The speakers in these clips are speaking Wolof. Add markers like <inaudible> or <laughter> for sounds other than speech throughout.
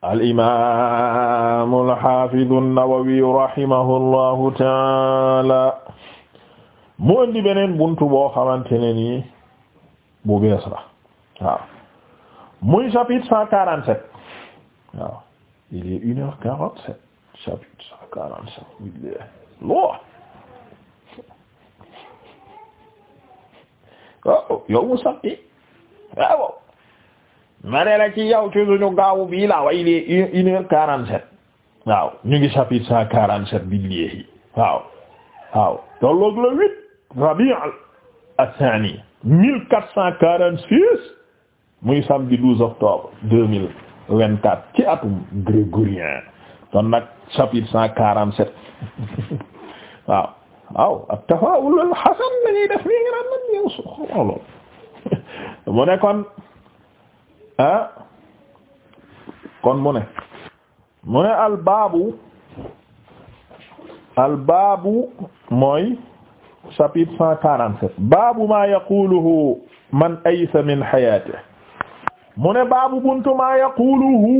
al-imaamu al-haafidu an-Nawawi rahimahullahu taala mu indi beneen buntu boo xamante ne nii bu bees la waaw muy chapitre cent quarante sept waaw il est une heure quarante sept chapitre cent quarante sept il est long waaw oh, yow mu sàppi waaw ma ne la ci yow ci suñu gaawu bii laa waaye il est une heure quarante sept waaw ñu ngi chapitre cent quarante sept bi léegi waaw waaw tolloog la huit Rabi' al-Thani mille quatre cent quarante muy samedi douze octobre deux mille vingt quatre ci atum grégorien kon nag chapitre cent quarante sept <laughs> waaw waaw at-tafaa'ul al la ñuy def nii nga naan man yow su xooloo <laughs> mu ne kon ah kon mu ne mu ne albaabu albaabu mooy chapitre cent baabu ma yaquluhu man aysa min xayaate mu ne baabu buntu maa yaquluhu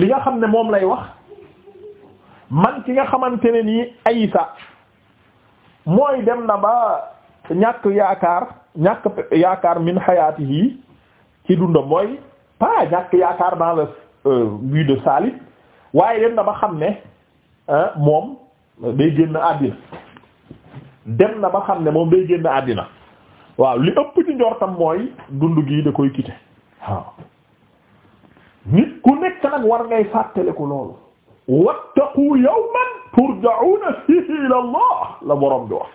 li nga xam ne moom lay wax man ki nga xamante ne nii aysa mooy dem na ba ñàkk yaakaar ñàkk yaakaar min xayaatihi ci dundam mooy pas ñàkk yaakaar dans le euh, but de salit waaye dem na ba xam ne moom day génn àddina dem na ba xam ne moom day génn àddina waaw li ëpp ci njortam mooy dund gii da koy quitter waaw nit ku nekk nag war ngay fàttaliku loolu wattaqu yawman turja'una fihi ila Allah la borom bi wax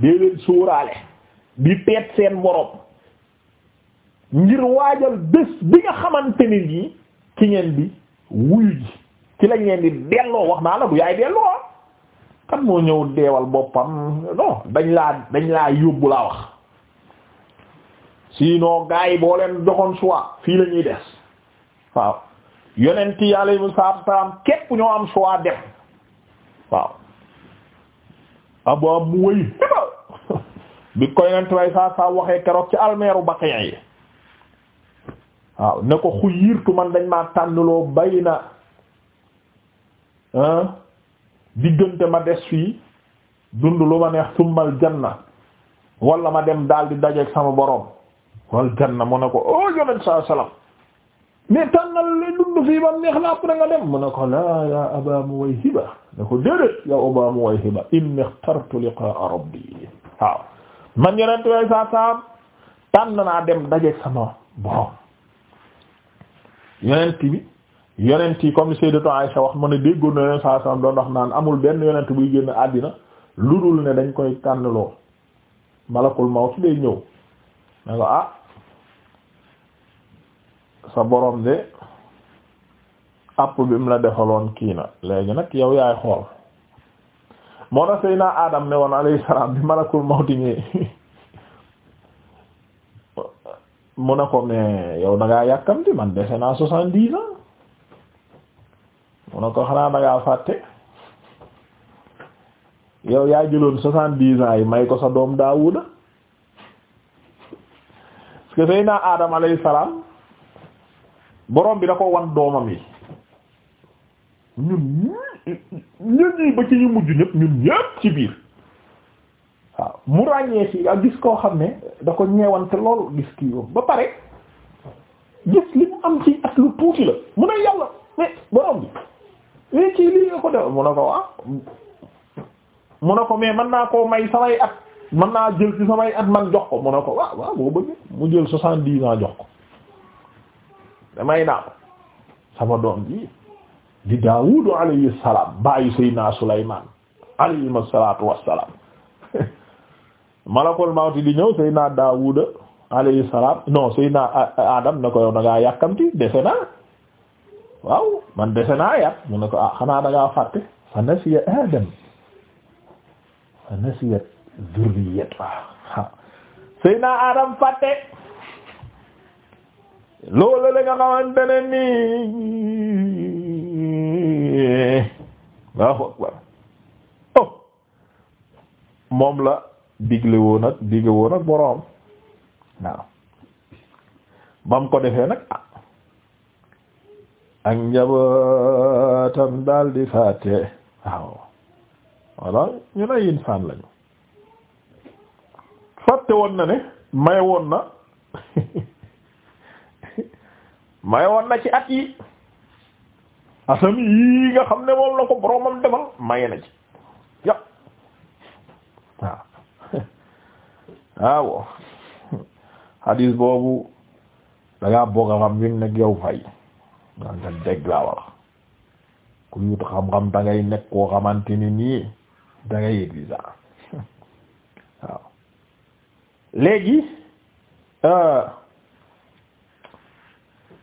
dee leen suuraale bi peet seen borom ngir waajal bés bi nga xamante ni nii ci ngeen di wuyu ji ci la ngeen di delloo wax naa la du yaay delloo ah. kan moo ñëw deewal boppam non dañ laa dañ laa yóbbu laa wax sinon gars yi boo leen joxoon choix fii la ñuy des waaw yonent yi alayhimu salaam képp ñoo am choix dem waaw abo am mu wëy bi koy nent way saa saa waxee keroog ci almeeru Baqiya yi waaw ne ko xuyirtu man dañ maa tànnloo bay na diggante ma des fii dund lu ma neex summal janna wala ma dem daal di dajeeg sama borom wal mu ne ko oh yonent saa salaam mais tànnal la dund fii ba neex la après dem mu ne ko laa ya aba muwayhiba ne ko déedéet ya aba muwayhiba inni ixtartu liqaa rabbi waaw man yonent way saa saam tànn naa dem dajeeg sama borom yonent bi yonent yi comme Sayyidatu Aisha wax ma ne déggoon na yonent saa saa doon wax naan amul benn yonent buy génn àddina lu dul ne dañ koy tànnloo malakul mawt day ñëw ne ko ah sa borom de app bi mu la defaloon kii na léegi nag yow yaay xool moo tax Seydina Adam ne woon alayhi salaam bi malakul mawti ñëwee <laughs> mu ne ko mais yow da ngaa yàkkamti man dese naa soixante-dix ans mu ne ko xanaa da ngaa fàtte yow yaa jëloon soixante-dix ans yi may ko sa doom Daawuda parce que Seydina Adam alayhi salaam borom bi da ko wan doomam yi ñun ñun ñii ba ci ñu mujj ñëpp ñun ñëpp ci biir. waaw mu ràññee ci ak gis koo xam ne da ko ñeewante loolu gis kii yoom ba pare gis li mu am ci ak lu tuuti la mu ne yàlla mais borom bi mais ci lii nga ko def mu ne ko ah mu ne ko mais mën naa koo may samay at mën naa jël ci samay at man jox ko mu ne ko waaw waaw boo bëggee mu jël soixante dix ans jox ko damay naa ko sama doom ji di Daawudu alayhi salaam baayu Seydina Sulaymaan alayhi salaatu wassalaam malakul mawti di ñëw Seydina Daawuda alayhi salaam non Seydina Adam na ko yow da ngaa yàkkamti dese naa waaw man dese naa yàq mu ko ah xanaa da ngaa fàtte fa nasiya Adam fa nasiya zurriyata Seydina Adam fàtte loolu la nga xamante ne nii waaw waaw oh moom la. digle woon ak dige woon ak boroom waaw bam ko defee nag ah ak njabootam daal di fàtte waaw walla ñu ne insaan lañu fàtte woon na ne may woon na <laughs> may woon na ci at yi asam yii nga xam ne moom la ko boromam defal maye na ci yàpp waaw hadis boobu da ngaa bëgg a xam bim nekk yow fay da nga dégg laa wax ku yut xam-xam da ngay nekk koo xamante ni nii da ngay yëg li sax <laughs> waaw léegi euh,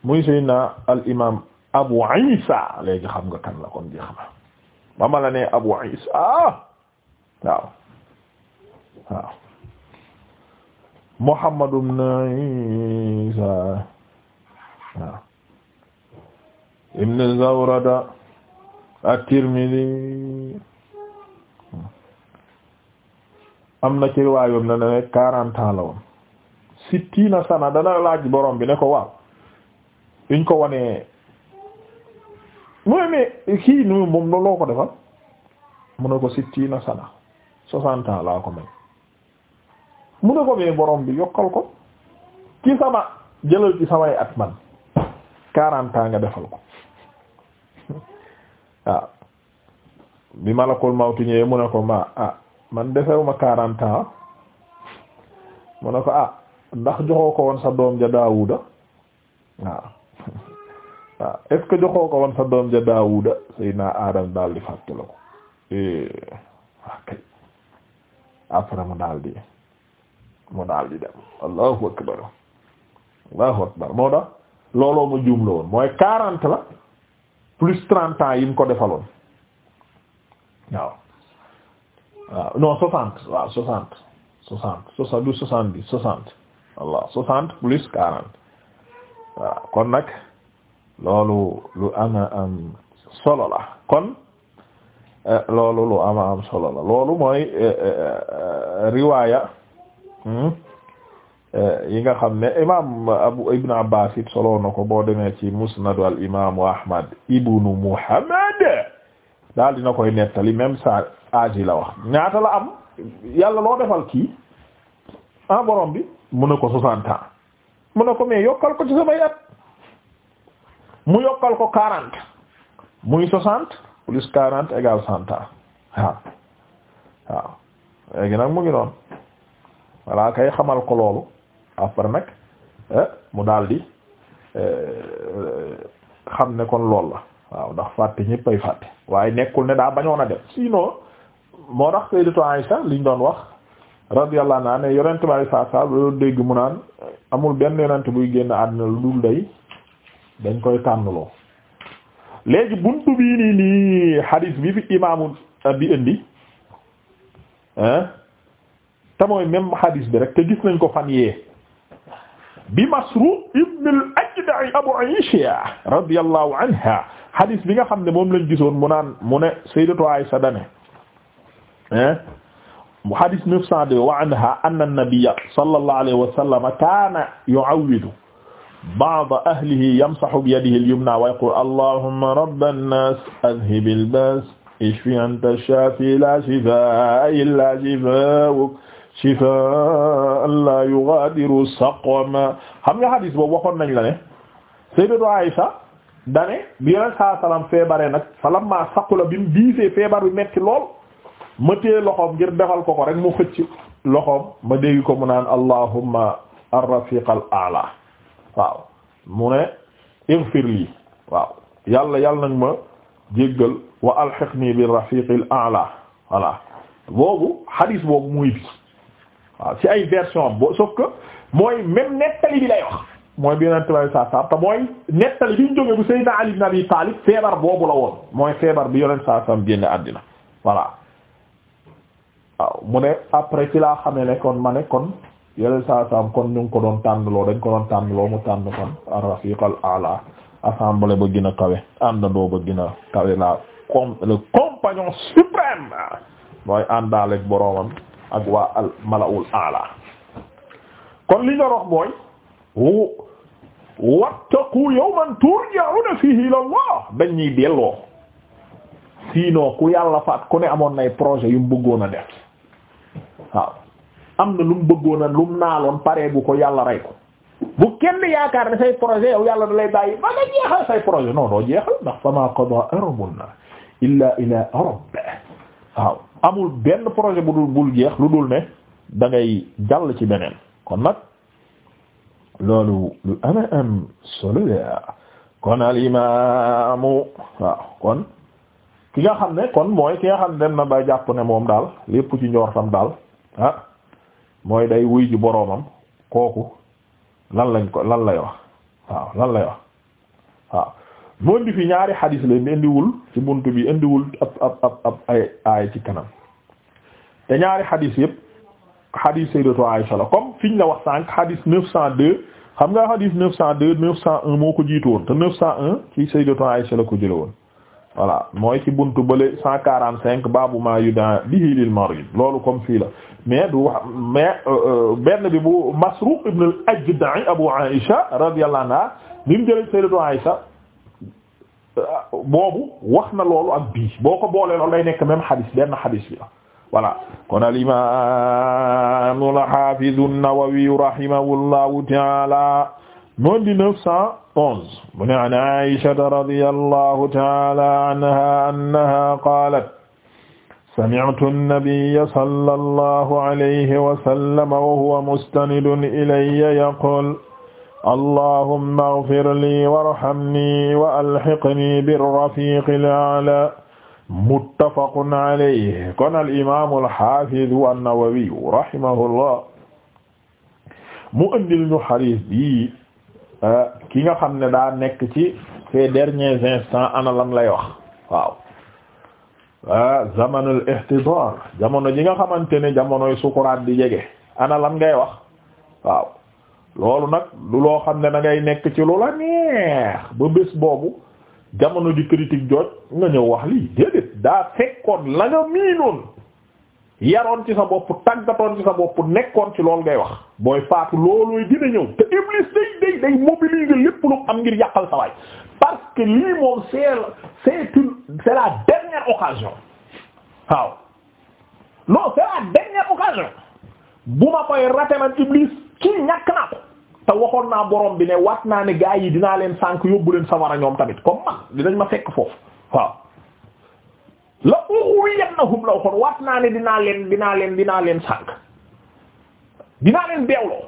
muy sëy na al imam Abu Isa léegi xam nga kan la kon jeex na ba ma la ne Abu Isa waaw Muhammad ibn Isa ibn Zawrada at-Tirmidhi am na ci riwaayam na ne quarante ans la woon sittina sana dana laaj borom bi ne ko waaw uñ ko wane mooy mais kii nu moom loo ko defal mu ne ko sittina sana soixante ans laa ko may mu ne ko bee borom bi yokkal ko ci sama jëlal ci samay at man quarante ans nga defal ko <laughs> waaw bi malakul mawtu ñëwee mu ne ko ma ah man defewuma quarante ans <laughs> mu ne ko ah ndax joxoo ko woon sa doom ja Daawuda waaw <laughs> waaw joxoo ko woon sa doom ja Daawuda Seydina Adam daal di fàtte la ko eh après mu daal di mu daal di dem allahu akbar allahu akbar moo tax looloo ma juum la mooy quarante la plus trente yi mu ko defaloon waaw waaw non soixante soixante soixante du soixante dix soixante voilà soixante plus quarante waaw kon nag loolu lu ama am solo la kon eh, loolu lu ama am solo la loolu mooy eh, eh, riwaaya Hmm? Eh, yi nga xam ne imam abu ibn abbas it na ko boo demee ci musnadu al imamu ahmad ibnu muhammad daal dina koy nettali même sa agi la wax ñaata la am yàlla loo defal kii en ah, borom bi mu ne ko soixante ans mu ne ko mais yokkal ko ci samay at mu yokkal ko quarante muy soixante plus quarante égale cent ans waaw léegi nag mu ngi noonu voilà kay xamal ko loolu après nag eh, mu daldi eh, eh, xam ne kon lool la waaw ndax fàtte ñépp ay fàtte waaye nekkul ne daa bañoon a def sinon moo tax Sayyidatu Aisha liñ doon wax radiyallahu anha ne yonent bi saa saa loolu dégg mu naan amul benn yonent buy génn àddina lu dul day dañ koy tànnloo léegi buntu bii nii nii hadis bi fi imaamu bi indi hein te mooy même hadis bi rek te gis nañ ko fan yee bi Masruq ibn al-Ajda' Abu Aisha radiyallahu anha hadis bi nga xam ne moom lañ gisoon mu naan mu ne sayyidatu Aisha dane hein mu hadis 902 wa anha anna an-nabiyya sallallahu alayhi wa sallam kaana yu'awwidu ba'da ahlihi yamsahu bi yadihi al-yumna wa yaqulu allahumma rabba an-nas adhhib al-ba's ishfi anta ash-shafi la shifaa illa shifaa'uk shifaa'an laa yughaadiru saqama xam nga hadis boobu waxoon nañ la ne sayyidatu Aisha dane bi yonent saa salaam feebare nag falammaa saqula bi mu feebar bi metti lool ma téye loxoom ngir defal ko ko rek mu xëcc loxoom ma dégg ko mu naan allahumma ar-rafiq al-a'la waaw mu ne ighfir lii waaw yàlla yàlla nag ma jéggal wa alhiqni bi rafiq al-a'la voilà boobu hadis boobu muy waaw ci ay version bo sauf que mooy même nettali bi lay wax mooy bi yonent bi saa saam te mooy nettali bi ñu bu Seydina Ali ibn Abi Talib feebar boobu la woon mooy feebar bi yonent saa saam génne àddina voilà waaw mu ne après ci laa xamee ne kon ma ne kon yonent saa saam kon ñu ngi ko doon tànnloo dañ ko doon tànnloo mu tànn kon ar-rafiq al-a'la assemblée ba gën a kawe àndandoo ba gën kawe la compagnon suprême mooy àndaaleeg boroomam ak waa al malawul ala kon li nga wax mooy wattaqu yawman turja'una fihi ila Allah dañuy delloo sinon ku yàlla faat ku ne amoon nay projet yu mu bëggoon a def waaw am na lu bëggoon a lu naaloon paree bu ko yàlla rey ko bu kenn yaakaar ne say projet yow yàlla da lay bàyyi ba nga jeexal say projet non doo jeexal ndax fa ma qada arbun illa ila rabb waaw amul benn projet bu dul bul jeex lu dul ne dangay jàll ci beneen kon nag loolu lu ama am solo la kon al imaamu waaw kon ki nga xam ne kon mooy ki nga xam ne dem na ba jàpp ne moom daal lépp ci njortam daal ah, mooy day wuy ji boroomam kooku lan lañ ko lan lay wax waaw lan lay wax waaw mu indi fi ñaari xadis la indiwul ci bunt bi indiwul ab ab ab ay ay ci kanam te ñaari xadis yëpp xadis sayyidatu Aisha la comme fiñ la wax sànq cent 902 xam nga xadis 902 901 moo ko jiitu woon te 901 ci sayyidatu Aisha la ko jële woon voilà mooy ci buntu bële 145 baabu ma yuda bihi lil marid loolu comme fii la mais du wax mais euh, euh, benn bi bu Masruq ibn al-Ajda'i Abu Aisha radiyallahu anha li mu jëlee sayyidatu Aisha boobu wax na loolu ak bii boo ko boolee loolu lay nekk même xadis benn xadis bi la voilà kon al imam al hafiz an-Nawawi rahimahullahu ta'ala noon di neuf cent onze mu ne an Aisha radiyallahu ta'ala anha annaha qalat sami'tu an-nabiyya sallallahu alayhi wa sallam wa huwa mustanidun ilayya yaqul allahumma ighfir li warhamni wa alhiqni bir-rafiqil a'la muttafaqun alayhi kon al imaamul haafidu an-Nawawi rahimahullah mu andil ñu xadiis bi eh, ki nga xam ne daa nekk ci ces derniers instants ana lan lay wax waaw ah zamanul ihtidaar jamono ji nga xamante ne jamonoy sukuraat di jege ana lan ngay loolu nag lu loo xam ne da nekk ci lu la neex ba bés boobu jamono ji critique jooj nga ñëw wax lii déedéet daa fekkoon la nga miinoon yaroon ci sa bopp tàggatoon ci sa bopp nekkoon ci loolu ngay wax booy faatu loolooy dina ñëw te iblis day day day lépp lu am ngir yàqal sa waay parce que lii moom c'est c'est une c'est la dernière occasion waaw non c'est la dernière occasion bu ma koy raté iblis ci ñàkk naa ko te waxoon naa boroom bi ne waat naa ne gaa yi dinaa leen sànk yóbbu leen sawara ñoom tamit comme man dinañ ma fekk foofu waaw la ughwiyannahum la waxoon waat naa ne dinaa leen dinaa leen dinaa leen sànk dinaa leen beewloo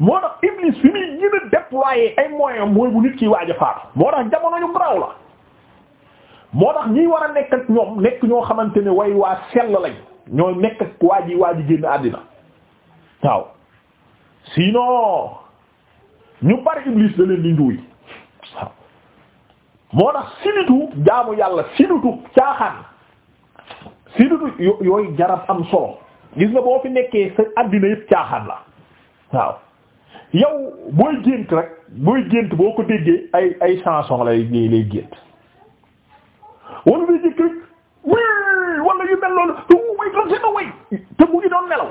moo tax Iblis fi muy gën a ay moyens mooy bu nit ki waaj a faatu moo tax jamono ñu garaaw la moo tax ñiy war a nekk ak ñoom nekk ñoo xamante ne way waa sell lañ ñooy nekk ak waa ji waa génn àddina waaw sinon ñu bari iblis da leen di njuuy moo tax sinutu jaamu yàlla sinutu caaxaan sinutu yooyu jarab am solo gis nga boo fi nekkee sa àddina yëpp caaxaan la waaw yow booy gént rek booy gént boo ko déggee ay ay chanson lay lay gént wala luy jëkk wala yu mel loolu way doon mu ngi doon nelaw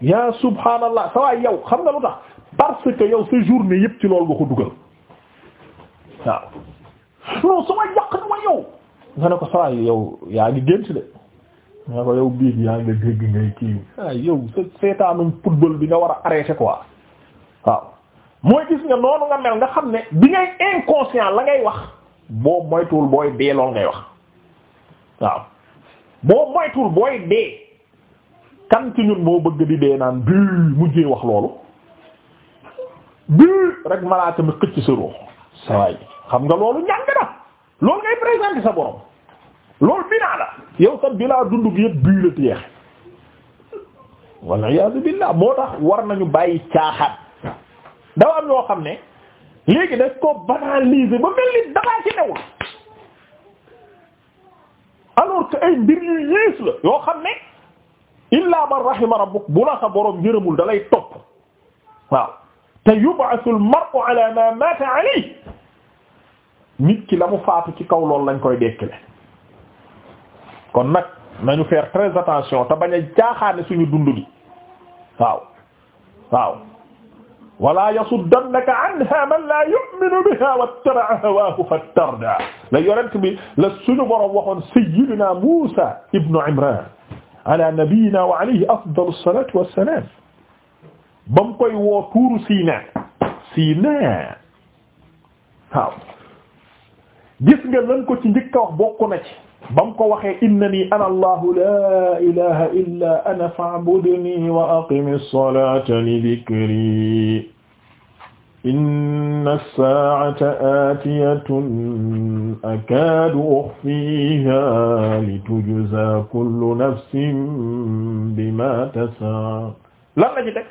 yaa subhaanallah sa waay yow xam nga lu tax parce que yow sa journée yëpp ci loolu nga ko dugal waaw non sama yàq ni ma yow nga ne ko sa waay yow yaa ngi gént de nga ko yow biig yaa ngi dégg ngay kii ah sa seetaanum football bi nga war a arrêter ko waaw mooy gis nga noonu nga mel nga xam ne bi ngay inconscient la ngay wax boo moytuwul booy dee lool ngay wax waaw boo moytuwul booy dee kan ci ñun moo bëgg di dee naan bii mujjee wax loolu bii rek malaaka mi xëcc sa ruux sawaay xam nga loolu ñàng na lool ngay présenter sa borom loolu binaa la yow sa bilaa dund gi yëpp bii la teex walla iyaazu billaah moo tax war nañu bàyyi caaxaan dafa yoo xam ne léegi daf ko banaliser ba mel ni dafaa ci newul alors que ay mbir yu yées la yoo xam ne illaa man rahima rabbuk bu la sa borom yërëmul da lay topp waaw te yub'athul mar'u ala ma mata alayhi nit ki la mu faatu ci kaw loolu lañ koy dekkile kon nag nañu faire très attention te bañ a jaaxaane suñu dund bi waaw waaw wala yasuddannaka anha man la yu'minu biha wattaba hawaahu fattarda la yorent bi la suñu borom waxoon sayyidina Muusa ibnu Imraan ala nabiyyina wa alayhi afdalu salatu wassalam ba mu koy woo tuuru Siina Siina waaw gis nga lan ko ci njëkk a wax bokk na ci ba mu ko waxee innani ana allahu la ilaha illa ana fa'budni wa aqimi ssalata li dhikri inna as-saa'ata aatiyatun akaadu ukhfiihaa litujzaa kullu nafsin bimaa tasaa lan la ci teg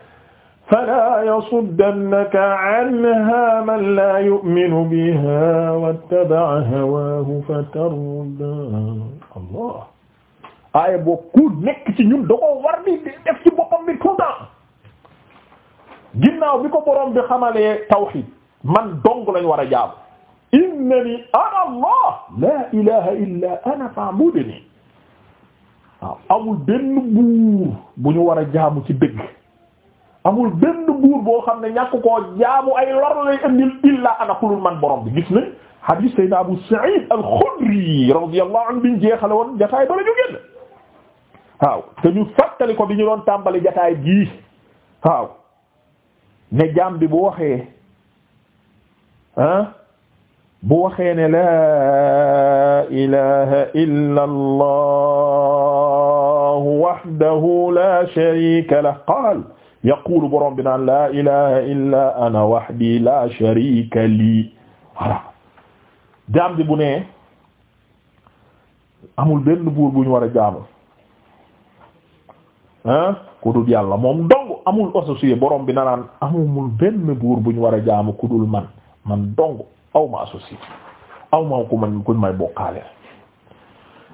falaa yasuddannaka anhaa man laa yu'minu bihaa wattaba'a hawaahu fatardaa Allah aaya boo ku nekk ci ñun da ko war di def ci boppam bi tout le temps ginnaaw bi ko borom bi xamalee tawhid man dong lañu war a jaamu innani ana allah la ilaha illa ana fa'budni waaw amul benn buur bu ñu war a jaamu ci dëgg amul benn buur boo xam ne ñàkk ko jaamu ay lor lay illa ana xulul man borom bi gis nañ hadith sayyidina abu sa'id al-khudri radiyallahu anhu biñ jeexale woon jataay bala ñu génn waaw te ñu fàttali ko bi ñu doon tàmbali jataay bii waaw ne jaam bi bu waxee ah bu waxee ne laa ilaha illa allah wahdahu la sharika lah qaal yaqulu borom bi naan laa ilaha illa ana wahdi la sharika lii voilà jaam bi bu ne amul benn buur bu ñu war a jaamu ah kudul yàlla moom dong amul associé borom bi na naan amumul benn buur bu ñu war a jaamu kudul man man dong aw ma associé aw ma ku man kuñ may bokkaale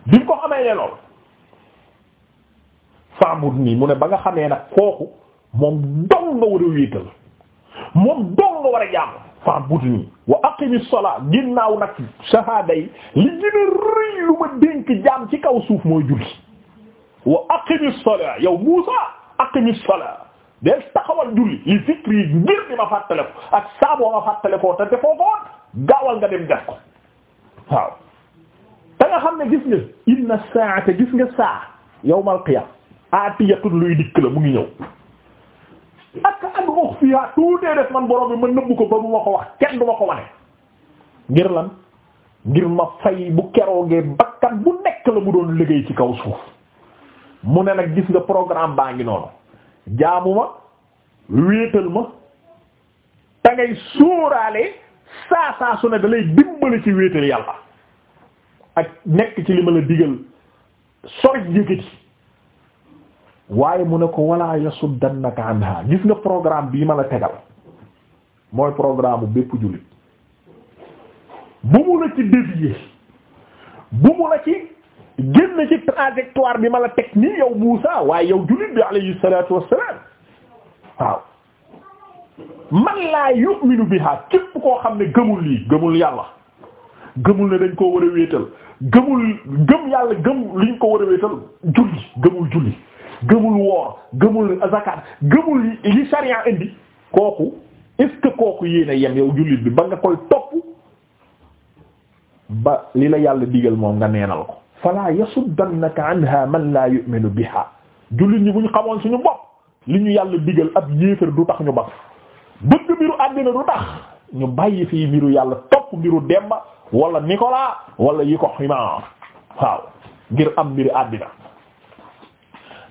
bi ko xamee ne lool faamut nii mu ne ba nga xamee nag kooku moom dong nga war a wéetal moom dong nga war a jaamu faamut nii wa aqimi salaa ginnaaw nag sahaada yi li gën rëy lu ma dénk jaam ci kaw suuf mooy julli wa aqimi salaa yow Muusa aqimi salaa del taxawal julli li zikri ngir di ma fàttale ko ak saaboo ma fàttale ko te defoo ko woon gaawal nga dem def ko waaw te nga xam ne gis nga inna saa'ata gis nga saa yawmal qiyaama aatiyatun luy dikk la mu ngi ñëw ak an ukhfiha tuutee def man borom bi ma nëbbu ko ba mu ma ko wax kenn du ma ko wane ngir lan ngir ma fay bu keroogee bakkan bu nekk la mu doon liggéey ci kaw suuf mu ne nag gis nga programme baa ngi noonu jaamu ma wéetal ma te ngay saa saa su ne da lay ci wéetal yàlla ak nekk ci li ma la digal sori yëkkati waaye mu ne ko wala yasuddannaka anha gis nga programme bii ma la tegal mooy programme bépp jullit bu mu la ci dévier bu mu la ci génn ci trajectoire bi ma la teg nii yow Muusa waaye yow jullit bi alayhi salaatu wassalaam waaw man laa yu'minu biha képp koo xam ne gëmul lii gëmul yàlla gëmul ne dañ koo war a wéetal gëmul gëm yàlla gëm liñ ko war a wéetal julli gëmul julli gëmul woor gëmul zakat gëmul li sharia indi kooku est-ce kooku yéen yem yow jullit bi ba nga koy topp ba li la yàlla digal moom nga neenal ko fala yasuddannaka anha man la yu'minu biha jullit ñi bu ñu xamoon suñu bopp li ñu yàlla digal ab yéefar du tax ñu bas bëgg mbiru àddina du tax ñu bàyyi fii mbiru yàlla topp mbiru Demba wala Nicolas wala yi ko waaw ngir am mbiru àddina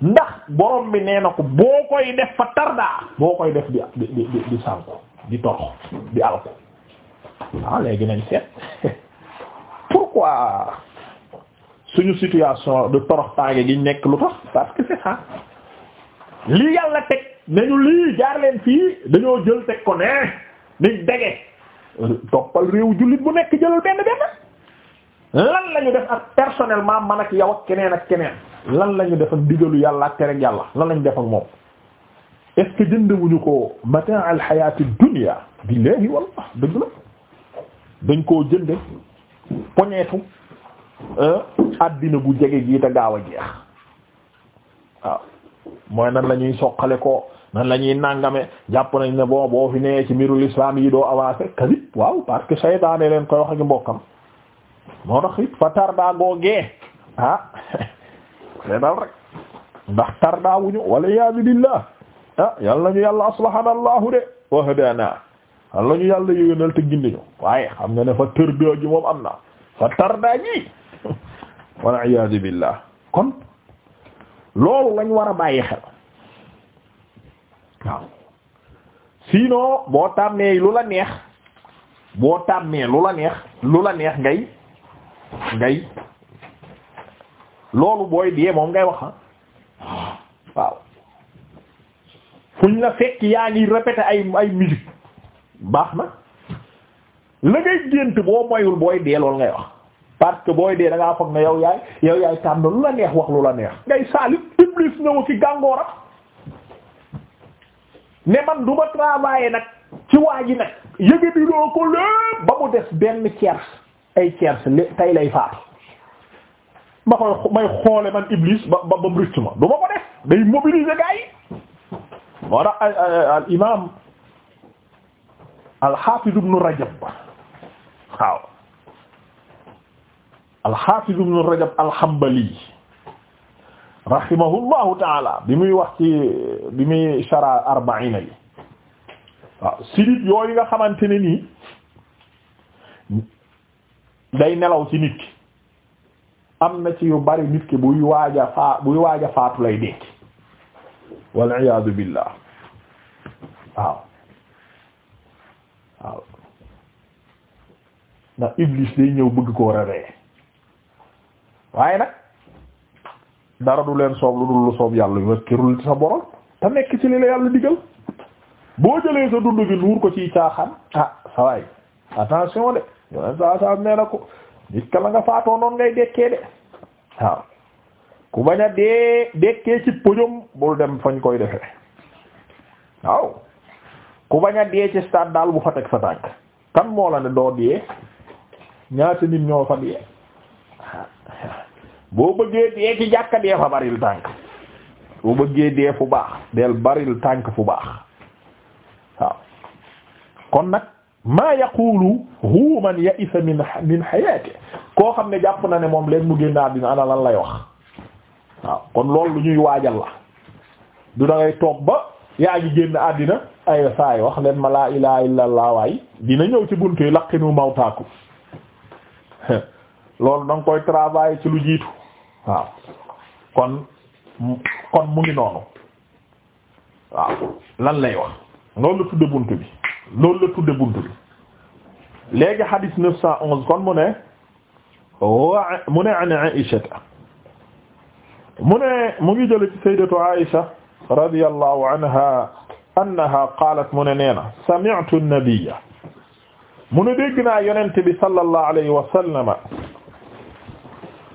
ndax borom bi nee na ko boo koy def fa tardaa boo koy def di di di di di torox di alku waaw ah, léegi nañ seet <laughs> pourquoi suñu situation de toroxtaange gi nekk lu tax parce que c'est yàlla teg nañu lii jaar leen fii dañoo jël teg ko ne niñ dege toppal réew jullit bu nekk jëlal benn benn lan la ñu def ak personnellement man ak yow ak keneen ak keneen lan lañu ñu def ak digalu yàlla ak tere yàlla lan la def ak moom est-ce que jëndewuñu ko matin al hayati dunya billahi wallah dëgg la dañ koo jënde poñeetu Euh, addina gu jege gi te gaaw a jeex waaw mooy nan la ñuy soqale ko nan la ñuy nàngame jàpp nañ ne bon boo fi nee ci mbiru l'islam yi doo avancé kadib waaw parce leen koy wax ak mbokkam moo tax it fa tarda googee ah <laughs> seetal rek ndax tarda wuñu wala yabilillah ah yal nañu yàlla aslahana allahu de wa hadana yal nañu yàlla yéwénal te gindiñu waaye xam nga ne fa tërda ji moom am na fa tarda ji wal iyaadu billah kon loolu lañ war a bàyyi xel waaw sinon boo tàmmee lu la neex boo tàmmee lu la neex lu la neex ngay ngay loolu booy dee moom ngay wax ah. waaw fuñ la fekk yaa ngi répété ay ay musique baax na la ngay gént boo moyul booy dee loolu ngay wax parce que booy dee da ngaa foog ne yow yaay yow yaay tànn lu la neex wax lu la neex ngay saalit iblis ñëw fi gàngooram ne man du ma nag ci waa ji nag yëga di loo ko lépp ba mu des benn tiers ay tiers tay lay faatu ma koy may xoole man iblis ba ba mu rëcc ma du ko def day mobiliser gars moo tax al imam al hafiz ibn rajab waaw alxaafiz ibnu rajab alxambali rahimahullahu taala bi muy wax ci bi muy shara arbaina yi waaw sidit yooyu nga xamante ne nii day nelaw ci nit am na ci yu bari nit ki buy waaja faa buy waaja faatu lay dekki wal iyaadu billah waaw waaw ndax iblis day ñëw bëgg koo raree waaye nag dara du leen soob lu dul lu soob yàlla yu wakkirul sa borom te nekk ci li la yàlla digal boo jëlee sa dund gi nuur ko ci caaxaan ah sawaay attention de yoneen saa saa nee na ko nit la nga faatoo noonu ngay dekkee de waaw ku bañ a dee dekkee ci pëjom bul dem fañ koy defee waaw ku bañ a dee ci stade daal bu fa teg sa tànk kan moo la ne doo dee ñaata nit ñoo fa dee boo bëggee dee ci jàkka dee fa baril tànk boo bëggee dee fu baax del baril tànk fu baax waaw kon nag maa yaqulu hu man ya'isa min min hayati koo xam ne jàpp na ne moom leen mu génn àddina ana lan lay wax waaw kon loolu lu ñuy waajal la du da toog ba yaa ngi génn àddina ay saay wax leen ma laa ilaha illa allah waay dina ñëw ci buntu yi laqinu mawtaaku <laughs> loolu da nga koy travailler ci lu jiitu waaw kon kon mu ngi noonu waaw lan lay wax loolu la tudde bunt bi loolu la tudde bunt bi léegi hadith neuf cent onze kon mu ne wa mu ne an Aisha mu ne mu ngi jële ci sayyidatu Aisha radiyallahu anha annaha qaalat mu ne nee na sami'tu an-nabiyya mu ne dégg naa yonent bi sallallahu alayhi wa sallama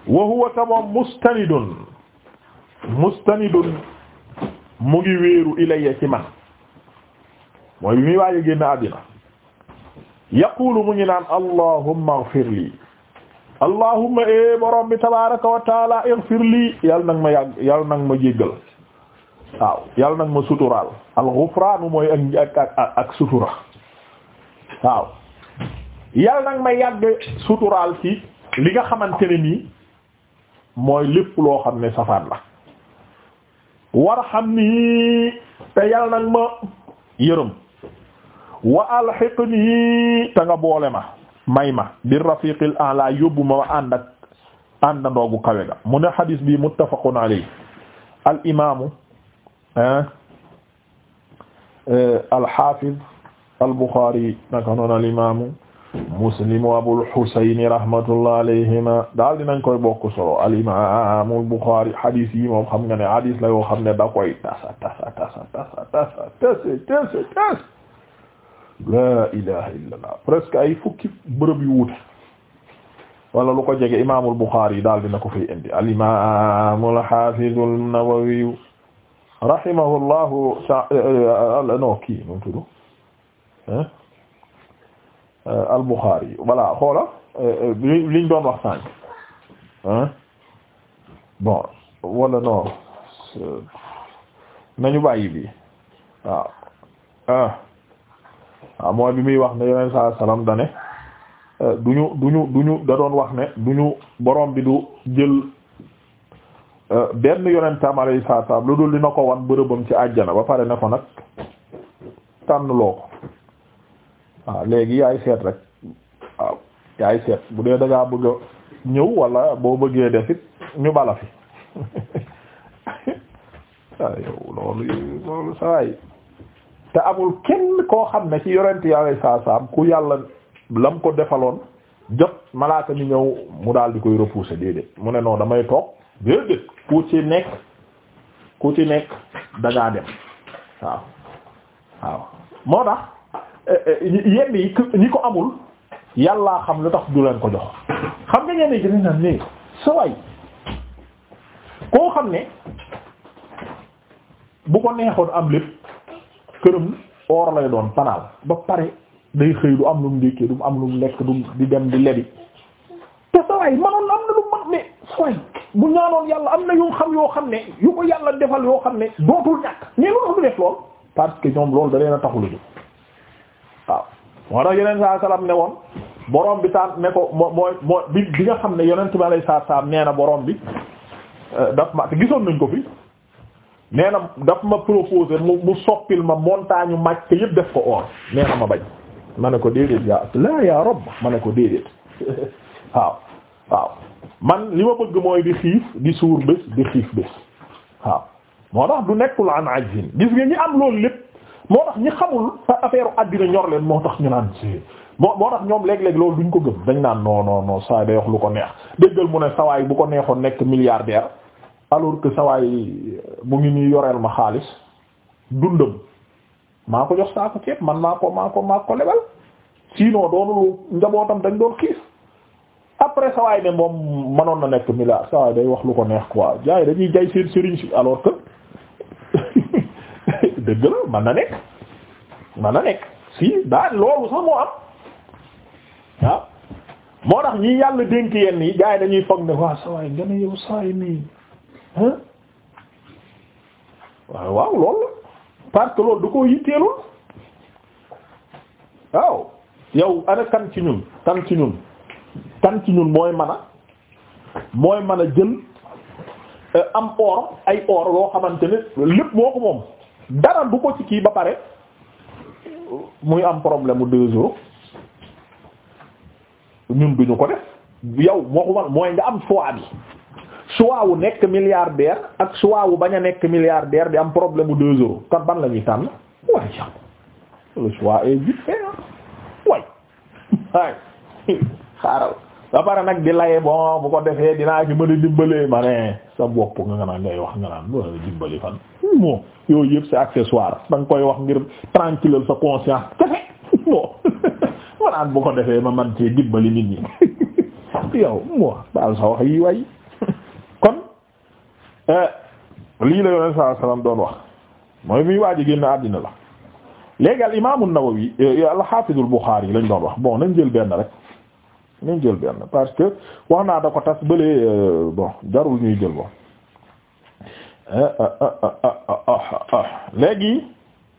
wa huwa ta moom mustanidun mustanidun mu ngi wéeru ilayya ci man mooy muy waaye génn àddina yaqulu mu ngi naan allahumma ighfir lii allahumma ee borom bi tabaaraka wa taala ighfir yal nag ma yàgg yal nag ma jéggal waaw yal nag ma suturaal al ghufraanu mooy ak sutura waaw yal nag ma yàgg suturaal ci li nga xamante ne nii mooy lépp loo xam ne safaan la warhamni te yal nag ma yërëm wa alhiqni te nga boole ma may ma bi rafiqil a'la yóbbu ma ànd ak àndandoogu kawe ga mu ne hadis bi muttafaqun alayhi al imaamu euh, al hafiz naka noon al Muslim wa Abul Husayn rahmatullah alayhima daal dinañ koy bokk solo al imam al Bukhari hadith yi moom xam nga ne hadith la yoo xam ne da koy tasa tasa tasa tasa tasa tasa tasa tasa la ilaha illallah presque ay fukki bërëb yu wuute wala lu ko jege imam al Bukhari daal dina ko fay indi al imam al hafiz al Nawawi rahimahullahu ta'ala eh, eh, no kii nu tudd eh? Euh, al-Bukhari voilà xoola euh, euh, liñ doon wax sànq bon wala non nañu bàyyi bi waaw ah waaw ah, mooy bi muy wax ne yeneen saa salaam da ne duñu duñu duñu da doon wax ne duñu borom bi du jël benn yonentam alayhi salaam lu dul dina ko wan bërëbam ci àjjana ba pare ne ko nag tànn loo ko waaw léegi yaay seet rek waaw yaay seet bu dee da bëgg ñëw walla boo bëggee def it ñu bala fi waaw <laughs> yow loolu loolu sawaay te amul kenn koo xam ne ci yorent yàlla saa saam ku yàlla lam ko defaloon jot malaaka mi ñëw mu daal di koy repousser déedéet mu ne non damay toog déedéet ku ci nekk ku ci nekk da dem waaw waaw moo tax yenn yi ñi ko amul yàllaa xam lu tax du leen ko jox xam nga ñenn yi gën a koo xam ne bu ko neexoon am lépp këram or lay doon panaal ba pare day xëy du am lu mu ndékkee du am lu mu nekk du di dem di lebi te sa waay manoon am na lu man mais sa bu ñaanoon yàlla am na yu xam yoo xam ne yu ko yàlla defal yoo xam ne dootul ñàkk mais loolu du lool parce que ñoom loolu da leen a taxul a waaw moo tax yeneen saa salaam ne woon borom bi taam ne ko moo mooy moo bi bi nga xam ne yonent bi alay saa salaam nee na boroom bi euh, daf ma te gisoon nañ ko fi nee na daf ma proposé mu mu soppil ma montagne màcc te yëpp def ko or nee ma bañ ma ne ko déedéet yaa laa yaa rob ma ne ko déedéet <laughs> waaw waaw man li ma bëgg mooy di xiif di suur bés di xiif bés waaw moo tax du nekkul an ajjin gis nga ñi am loolu lépp moo tax ñi xamul sa affaire àddina ñor leen moo tax ñu naan ci moo moo tax ñoom léeg-léeg loolu duñ ko gëm dañ naan non non non saa day wax lu ko neex déggal mu ne sawaay bu ko neexoon nekk milliardaire alors que sawaay euh, mu ngi nii yoreel ma xaalis dundam maa ko jox saako man maa ko maa ko maa ko lebal sinon dañ doon xiif sawaay ne moom mënoon na nekk milliard sawaay day wax lu ko neex quoi jaay dañuy jay seen sëriñ si alors que dëgg la man na nekk man na nekk si daa loolu sax moo am waaw moo tax ñi yàlla dénk yenn yi gars yi dañuy foog ne waa sawaay gën a yow sawaay nii hein waaw loolu parce que loolu du ko yitteeloon waaw yow ana kan ci ñun kan ci ñun kan ci ñun mooy mën a mooy mën jël euh, am or ay or loo xamante ne lépp moo ko moom dara du ko ci kii ba pare muy am problème mu deux euros ñun duñu ko def yow moo ko war mooy nga am choix bi choix wu nekk milliardaire ak choix wu bañ a nekk milliardaire di am problème mu deux euros kat ban la ñuy tànn waaye le choix est vite fait ah <laughs> waay <laughs> ba pare nag di lay bon bu ko defee dinaa ci mën a dimbalee ma ne sa bopp nga naan ngay wax nga naan loolu dimbali fan bon yooyu yëpp c'est accessoire da koy wax ngir tranquille sa conscience kese bon ma <laughs> naan bu ko defee ma man cee dimbali nit ñi <laughs> yow bon daal sa wax yi way <laughs> kon euh, lii la yoneen saa salaam doon wax mooy muy waaj a génn àddina la léegi al imaamu Nawawi euh, al-Haafizul Buxaari lañ doon wax bon nañ jël benn rek. ñu jël benn parce que wax naa da ko tas bële euh, bon jarul ñuy jël bon léegi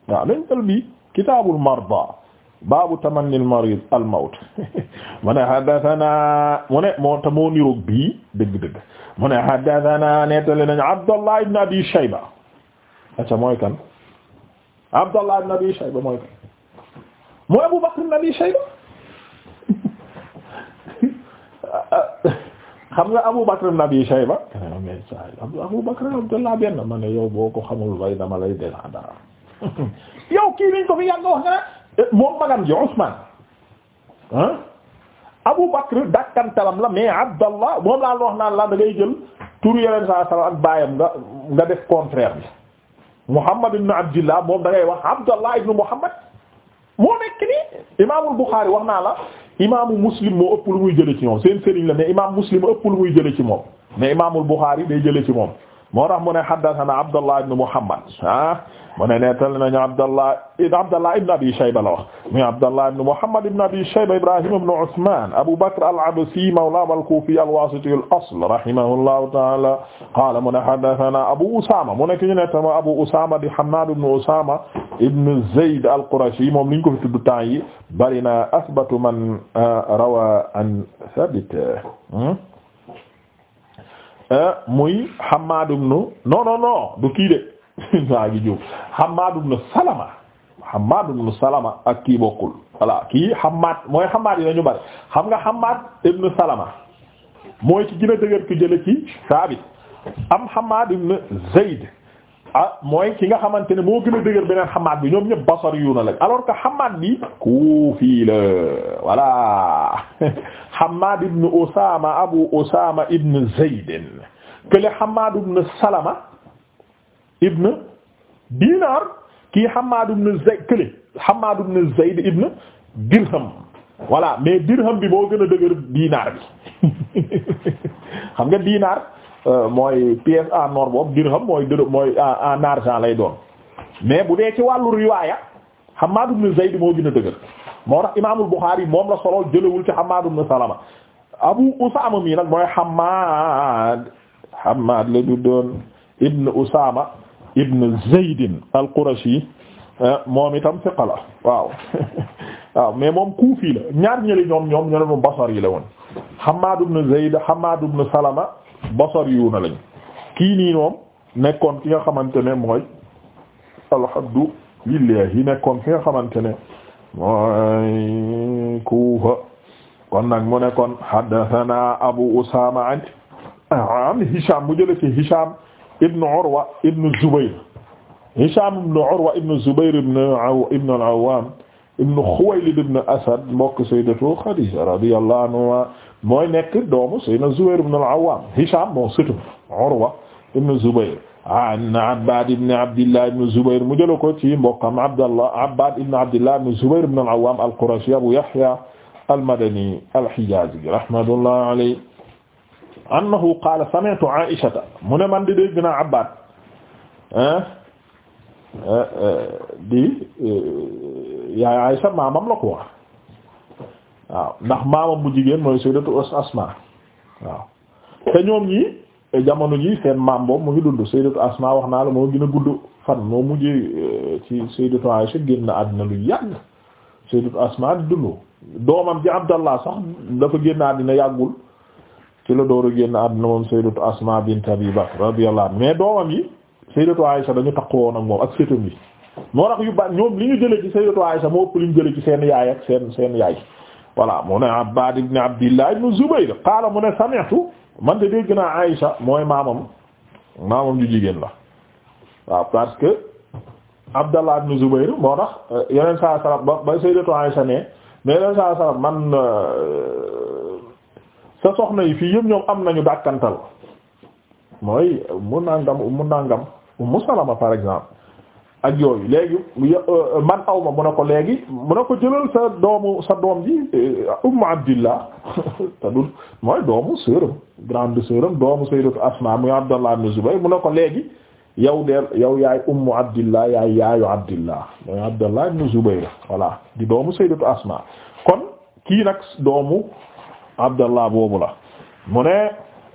waaw lañ jël bi kitaabul marda baabu tamannil marid al mawt <laughs> mu ne haddathana mu ne moo ta moo niroog bii dëgg-dëgg mu ne haddathana nettali nañ Abdallah ibn Abi Shayba aca mooy kan Abdallah ibn Abi Shayba mooy kan mooy Abu Bakr ibn Abi Shayba <coughs> xam nga Abu Bakr ibn Abi Shayba Abu Bakr Abdullah benn ma ne yow boo ko xamul bay dama lay descendre dara <laughs> yow kii niñ ko fi yàgg wax nga eh, moom magam ji Usman ah Abu Bakr dakkantalam la mais Abdallah moom laa wax naan la da ngay jël turu yeneen saa sala ak baayam nga nga def contraire bi Muhammad ibn Abdillah moom da ngay wax Abdallah ibn Muhammad moo nekk nii Imaamul Bukhari wax naa la imaamu muslim moo ëpp lu muy jële moom seen la mais imaamu muslim ëpp lu muy jële ci moom mais imaamul buxaari day jële ci moom moo tax mu ne haddathana Abdullah ibn Muhammad ah mu ne nettali nañu Abdullah Abdullah ibn Abi Shayba la wax muy Abdullah ibn Muhammad ibn Abi Shayba Ibrahim ibn Usman Abu Bakr al-Absi mawlahum al-Kufi al-Wasiti al-asl rahimahullahu ta'ala qala mu ne haddathana Abu Usama mu ne ki ñu nettali ma Abu Usama di Hammad ibn Usama ibn Zayd al-Qurashi moom liñ ko fi tudd temps yi bari na asbatu man ah, rawa an Thabit hmm? muy Hammad ibn no non non du kii de saa <laughs> ngi jiw Hammad ibn Salama Hammad ibn Salama ak kii bokkul wala kii Hammad mooy Hammad yi dañu bari xam nga Hammad ibn Salama mooy ci gën dëgër ki jële ci Saabit am Hammad ibn Zayd ah mooy ki nga xamante ne moo gën a dëgër beneen Hammaad bi ñoom ñëpp basar yu na la alors que Hammaad bi Kuufi la voilà <laughs> Hammaad ibn Usaama Abu Usaama ibn Zayd kële Hammaad ibn Salama ibn Dinar kii Hammaad ibn Zayd kële Hammaad ibn Zayd ibn Dirham voilà mais Dirham bi moo gën a dëgër Dinar bi <laughs> xam nga Dinar Euh, mooy pièce en boobu dirham mooy dërëm mooy en argent lay doon mais bu dee ci wàllu riwaaya Hammaad ibn Zayd moo gën a dëgër moo tax imaamul Buxaari moom la solo jëlewul ci Hammaad ibn Salama Abu Usaama mii nag mooy Hammaad Hammaad la du doon ibn Usaama ibn Zaydin al-Qurashi euh, moom itam fiqa waaw <laughs> waaw mais moom kuufi la ñaar ñëli ñoom ñoom ñoo doon Basri la woon Hammaad ibn Zayd Hammaad ibn Salama basariyuuna lañ kii nii moom nekkoon ki nga xamante ne mooy alhamdu lillahi nekkoon ki nga xamante ne mooy Kuufa kon nag mu ne kon haddathana Abu Usaama an an Hisham mu jële ci Hisham ibn Urwa ibn Zubayr Hisham ibn Urwa ibn Zubayr ibn ibn al-Awwam ibn Khuwaylid ibn Asad mbokk sayyidatu Khadija radiyallahu anha mooy nekk doomu Seydina Zubayr ibn al-Awwam Hisham moo sëtu Urwa ibn Zubayr an Abbad ibn Abdillah ibn Zubayr mu jëla ko ci mbokkam Abdallah Abbad ibn Abdillah ibn Zubayr ibn al-Awwam al-Qurashi Abu Yahya al-Madani al-Hijazi rahmatullah alayhi annahu qaala sami'tu Aishata mu ne man di dégg naa Abbad euh, euh, di euh, yaay Aisha maamam la ko wax waaw ndax maamam bu jigéen mooy sayyidatu Asma waaw te ñoom ñi e jamono ji seen maam boobu mu ngi dund sayyidatu Asma wax naa la moo gën a gudd fan moo mujjee ci sayyidatu Aisha génn na àddina lu yàgg sayyidatu Asma di dund doomam ji Abdallah sax dafa génn àddina yàggul ci la dooru génn àddina moom sayyidatu Asma bint Abi Bakr radiyallahu mais doomam yi sayyidatu Aisha dañu takkuwoon ak moom ak sëtam yi moo tax yu ba ñoom li ñu jële ci sayyidatu Aisha moo ëpp seen yaay ak seen seen yaay voilà mu ne Abbad ibn Abdillah ibn Zubayr qaala ne sami'tu man de dégg naa Aïcha mooy maamam maamam ju jigéen la waaw parce que Abdallah ibn Zubayr moo tax euh, yeneen saa sallam ba ba sayyidatu ne mais yeneen saa sallam man euh, sa soxna yi fii yëpp ñoom am nañu dàkkantal mooy mu nangam mu nangam Ummu Salama par exemple ak yooyu léegi euh, man aw mu ne ko léegi mu ne ko jëlal sa doomu sa doom ji euh, ummu abdillah <laughs> te du mooy doomu sœuram grande sœuram doomu sayyidatu asma muy abdallah ibn zubayr mu ne ko léegi yow yow yaay ummu abdillah yaay yaayu voilà di doomu sayyidatu asma kon kii nag doomu abdallah boobu la mu ne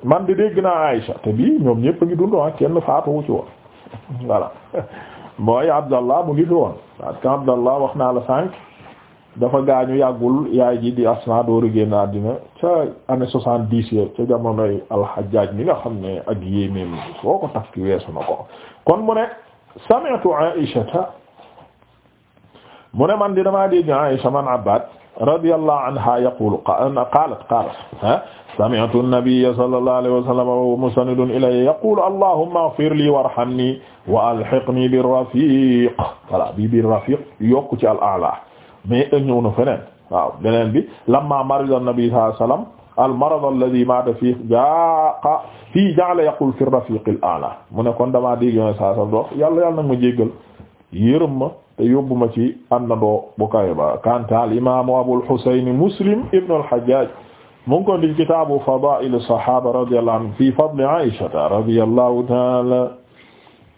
man di dégg naa aïsha te ñoom ñëpp a ngi dund ah, kenn faatuwu ci woon <laughs> <laughs> mooy Abdallah mu ngi fi woon parce que Abdallah wax naa la sànq dafa gaañu yàggul yaay ji di Asma dooru génn àddina ca année soixante dix yooyu ca jamonoy al mi nga xam ne ak yéemeem soo ko takk weesu na ko kon mu ne sami'tu Aisha mu ne man di damaa dégg Aisha man Abbad radiyallahu anha yaqulu qaalat qaalat ah sami'tu an-nabiyya sallallahu alayhi wa sallam wa musanidun ilayhi yaqulu allahumma ighfir li warhamni wa alhiqni bir-rafiq voilà bii bir-rafiq yokku ci al-a'la mais ñëw na feneen waaw beneen bi lamma marida an-nabi sallallahu alayhi wa sallam al-marad alladhi maata fiihi jaaqa fii ja'ala yaqulu fi-r-rafiq al-a'la mu ne kon damaa dégg yoon saa sa dox yàlla yàlla nag ma jéggal yërëm ma te yóbbu ma ci àndandoo bu kawe ba kanta al imaamu Abul Husayn Muslim ibn al-Hajjaj mu ngi ko di kitaabu fadaa'il as-sahaaba radiyallahu anhum fi fadli Aisha radiyallahu ta'ala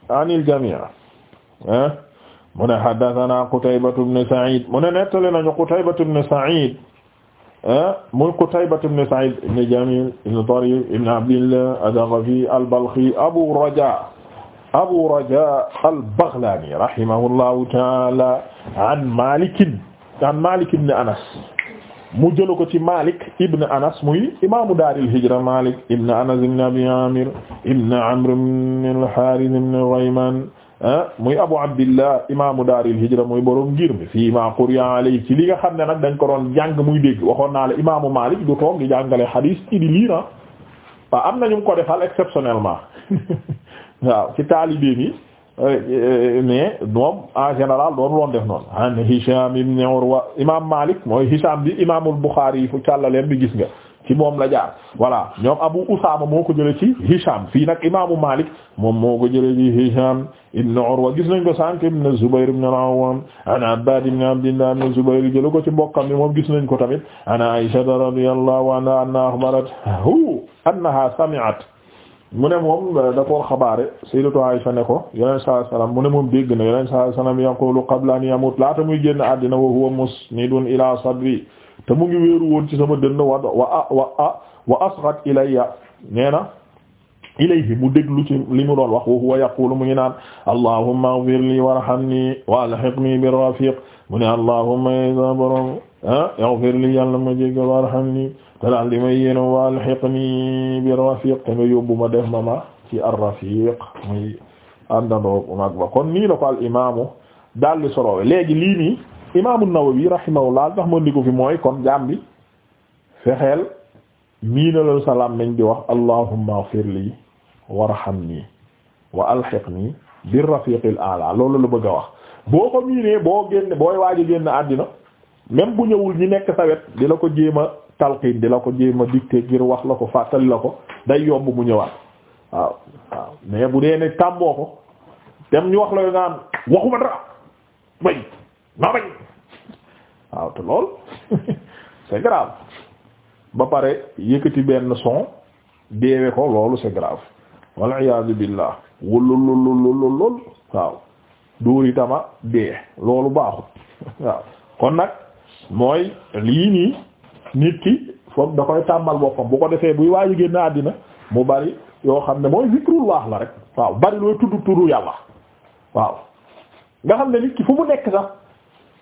anil jamii' eh? mu ne haddathanaa Qutaybatu ibn Sa'id mu ne nettali nañu Qutaybatu ibn Sa'id eh? mu Qutaybatu ibn Sa'id ibn Jamil ibn Tarif ibn Abdillah ad-Daghafi al-Balkhi Abu Rajaa Abu Raja al-Baghlani rahimahullahu ta'ala an Malik an Malik mu jël ko ci Malik ibn Anas muy imaamu daaril hijra Malik ibn Anas ibn Abi Amir ibn Amr ibn al-Harith ibn Ghayman muy Abu Abdillah imaamu daaril hijra muy ngir mi fii ma ci li nga xam ne nag dañ ko doon jàng muy dégg waxoon naa la imaamu Malik du toog di jàngale hadith ci di am na ñu ko defal exceptionnellement. <laughs> waaw ci taalibeem yi euh, mais moom doon loon def noonu an Hisham ibn Urwa imam Malik mooy Hisham bi imamul Bukhari yi fu càllaleen bi gis nga ci moom la jaar voilà ñoom Abu Usama moo ko jële ci Hisham fii nag imaamu Malik moom moo ko jële ci Hisham ibn Urwa gis nañ ko sànq ibn Zubayr ibn al-Awwam an Abbad ibn Abdillah ibn Zubayr jël ko ci mbokkam mi moom gis nañ ko tamit an Aisha radiyallahu anha anna akhbarathu annaha sami'at mu ne moom euh, da koo xabaare sayyidatu Aisha ne ko yonent sallallahu alayhi mu ne moom dégg na yonent sallallahu alayhi wasallam yaqulu qabla an yamut laata muy génn àddina wa huwa musnidun ila sadri te mu ngi wéeru woon ci sama dënn wa wa wa wa asghat ilayya nee na ilayhi mu déglu ci li mu doon wax wa huwa yaqulu mu ngi naan allahumma ighfir li warhamni wa alhiqni bir rafiq mu ne allahumma ah, ighfir li yàlla ma jéggal warhamni te daal may yéen wa alhiqni te nga yóbbu ma def ma ma ci ar-rafiq muy àndandoo mag ba kon nii la ko al imaamu daal di solowe léegi lii nii imaamu Nawawi rahimahullah tax ma ndi fi mooy kon jaam bi fexeel miinalal salaam nañ di wax allahumma ighfir li warhamni wa alhiqni bi rafiqil a'la loolu la bëgg a wax boo ko miinee boo génn booy waaj a génn àddina bu ñëwul ñi nekk sa di la ko jéema talqiin di la ko jéem ma dikk ngir wax la ko fàttali la ko day yomb mu ñëwaat waaw waaw mais bu dee ne tàmboo ko dem ñu wax la nga am waxuma dara bañ naa bañ waaw te lool <laughs> c'est grave ba pare yëkkati benn son deewe ko loolu c'est grave wal iyaazu billah wulululululul waaw duuri dee loolu baaxut <laughs> waaw kon nag mooy lii nii nit ki foog da koy tàmmal boppam bu ko defee buy waayu génn àddina mu bari yoo xam ne mooy zikrullah la rek waaw bari looy tudd turu yàlla waaw nga xam ne nit ki fu mu nekk sax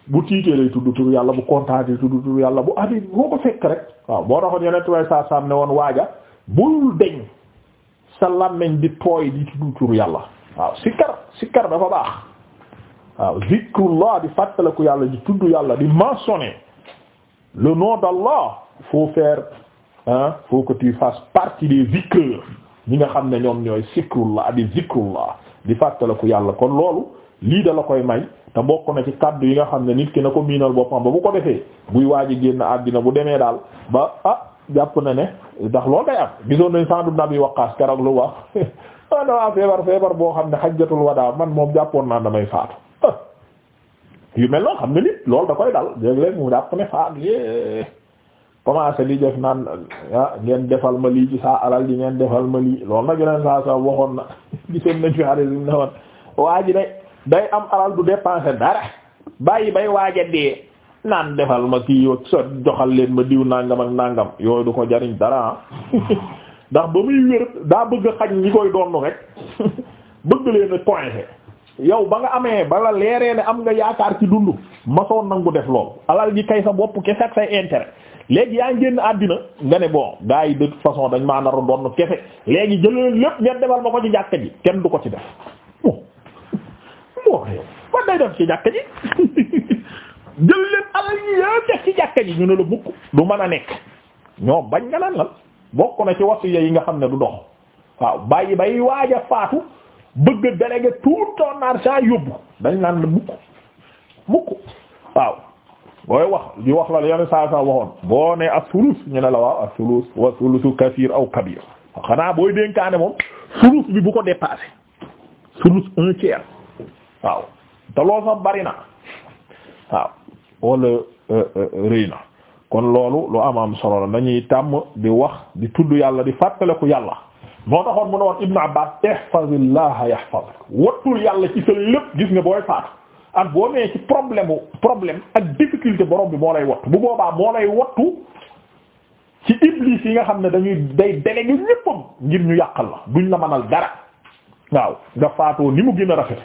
bu tiitee lay tudd yàlla bu kontaanee tudd yàlla bu adi boo ko fekk rek waaw boo taxoon yeneen way saa saam ne woon waaja bul deñ sa làmmiñ di tooy di tudd turu yàlla waaw sikkar sikkar dafa baax waaw zikrullah di fàttaliku yàlla di tudd yàlla di mentionner le nom d'Allah il faut faire hein faut que tu fasses partie des zikreurs ñi nga xam ne ñoom ñooy zikrullah di zikrullah di fàttaliku yàlla kon loolu lii da la koy may te bokk na ci kaddu yi nga xam ne nit ki na ko miinal boppam ba bu ko defee buy waaj a génn àddina bu demee daal ba ah jàpp na ne ndax lool day am gisoon nañ Sa'd ibn Abi Waqqas keroog lu wax <laughs> ah damaa feebar feebar boo xam ne xaj hajjatul wadaa man moom jàppoon naa damay faatu. yu mel noonu xam nga nit loolu da koy dal léeg-léeg mu dàpp ne faat yé commencé di def naan ah, ngeen defal ma lii ci saa alal ji ngeen defal ma lii loolu nag yeneen saa saa waxoon na <laughs> gisoon nañ fi xarism na woon waa ji day day am alal du dépenser dara bàyyi bay waaja dee defal ma kii sa joxal leen ma diw nangam ak nangam yooyu du ko jariñ dara ah. <laughs> ndax ba muy wér daa bëgg a xañ ñi koy doon rek <laughs> bëgg leen a yow ba nga amee bala leeree ne am nga yaakaar ci dund masoon nangu def lool alal ji kay sa bopp kese ak say intérêt léegi yaa génn àddina nga ne boo gars yi de toute façon dañ maa nar a doon kese léegi jëlal lépp ngeen defal ma ko ci jàkka ji kenn du ko ci def bon bon man day def ci jàkka ji <laughs> jël leen alal yi yëpp def ci jàkka ji ñu ne la mukk du mën a nekk ñoom bañ nga naan lan bokk na ci waxtu yi nga xam ne du dox waaw bàyyi bay waaj faatu. bëgg a déléguer tout yóbbu dañ naan la mukk mukk waaw booy wax li wax la yone saa saa waxoon boo ne as-sulus ñu ne la waaw ak sulus wa sulusu kathir aw kabir xanaa booy dénkaane moom sulus bi bu ko dépassé sulus un tiers waaw te loolu sax bari na waaw wala euh, euh, rëy na kon loolu lu am am solo la dañuy tàmm di wax di tudd yàlla di fàttaliku yàlla moo taxoon mu ne woon Ibn Abbas ihfazillaha yahfazuk wattul yàlla ci sa lépp gis nga booy faatu ak boo nee ci problème ak difficulté borom bi moo lay wattu bu boobaa moo lay wattu ci iblis yi nga xam ne dañuy day délégué ñéppam ngir ñu yàqal la duñ la mënal dara waaw nga faatoo ni mu gën a rafet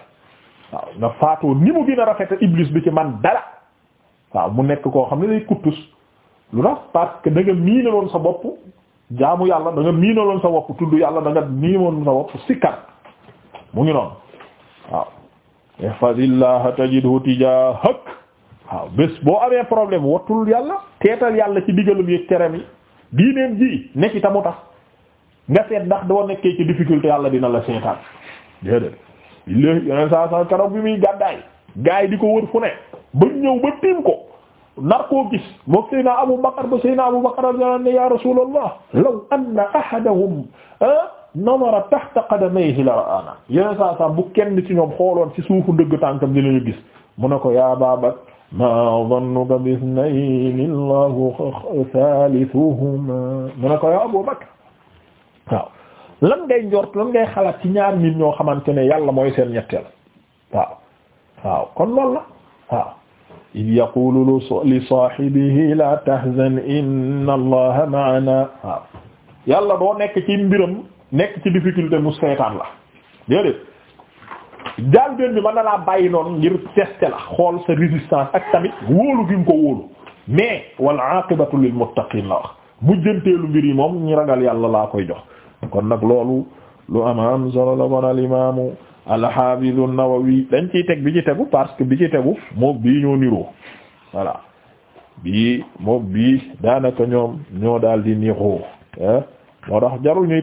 waaw nga faatoo ni mu gën a rafet iblis bi ci man dara waaw mu nekk koo xam ne day kuttus lu tax parce que da miinaloon sa bopp jaamu yàlla da nga miinaloon sa bopp tudd yàlla danga nga miinoon sa bopp sikkar mu ngi noonu waaw ihfazillah tajidhu tijahak waaw bés boo amee problème wattul yàlla teetal yàlla ci digalum yi teram yi diineem ji nekk itamu tax nga seet ndax doo nekkee ci difficulté yàlla dina la seetaan déedéet léegi yeneen saa saa keroog bi muy gàddaay gaa yi di ko wër fu ne ba ñëw ba tiim ko nar koo gis moom Seydina Abu Bakar ba Seydina Abu Bakar radiyallahu anhu ya Rasulullah law anna ahadahum ah, nazara tahta qadamayhi la ra'ana yeneen saa saa bu kenn ci ñoom xooloon ci suufu ndëgg tànkam di lañu gis mu ne ko ya Babak ma zannuka bisnayni Allahu thalithuhuma mu ne ko ya Abu Bakar waaw lan ngay njort lan ngay xalaat ci ñaar nit ñoo xamante ne yàlla mooy seen ñetteel waaw waaw kon loolu la id yaqulu li saahibihi la tahzan inna allaha ma'ana waaw yàlla doo nekk ci mbiram nekk ci difficulté mu seetaan la déedéet jaal benn bi mën na laa bàyyi noonu ngir tester la xool sa résistance ak tamit wóolu gi nga ko wóolu mais wal aqibatu lil muttaqin la wax mujjanteelu mbir yi moom ñi ragal yàlla laa koy jox kon nag loolu lu am am solo la kon al imaamu al-Hafiz an-Nawawi dañ ciy teg bi ci tegu parce que bi ci tegu moom bi ñoo niroo voilà bi mook bi daanaka ñoom ñoo daal di niroo moo tax jaru